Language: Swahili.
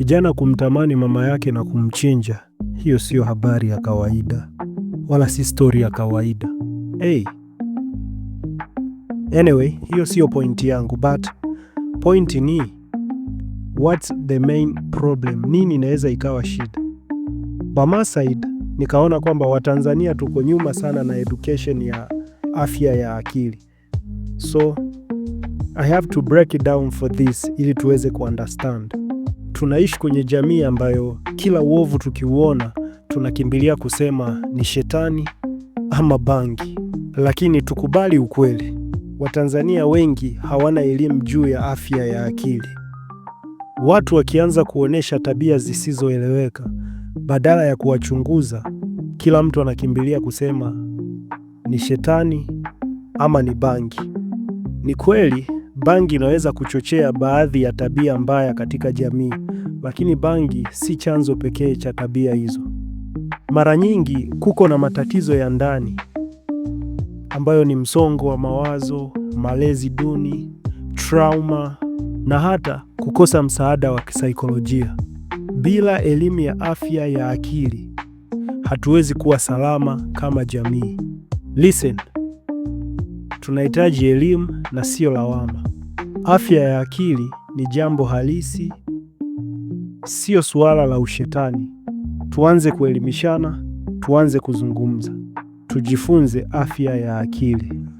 Kijana kumtamani mama yake na kumchinja, hiyo siyo habari ya kawaida, wala si stori ya kawaida hey. Anyway, hiyo siyo pointi yangu, but pointi ni what's the main problem, nini inaweza ikawa shida? Bamasaid nikaona kwamba Watanzania tuko nyuma sana na education ya afya ya akili, so I have to break it down for this ili tuweze kuunderstand tunaishi kwenye jamii ambayo kila uovu tukiuona tunakimbilia kusema ni shetani ama bangi, lakini tukubali ukweli, Watanzania wengi hawana elimu juu ya afya ya akili. Watu wakianza kuonyesha tabia zisizoeleweka, badala ya kuwachunguza, kila mtu anakimbilia kusema ni shetani ama ni bangi. Ni kweli bangi inaweza kuchochea baadhi ya tabia mbaya katika jamii, lakini bangi si chanzo pekee cha tabia hizo. Mara nyingi kuko na matatizo ya ndani ambayo ni msongo wa mawazo, malezi duni, trauma na hata kukosa msaada wa kisaikolojia. Bila elimu ya afya ya akili, hatuwezi kuwa salama kama jamii. Listen, tunahitaji elimu na sio lawama. Afya ya akili ni jambo halisi, sio suala la ushetani. Tuanze kuelimishana, tuanze kuzungumza, tujifunze afya ya akili.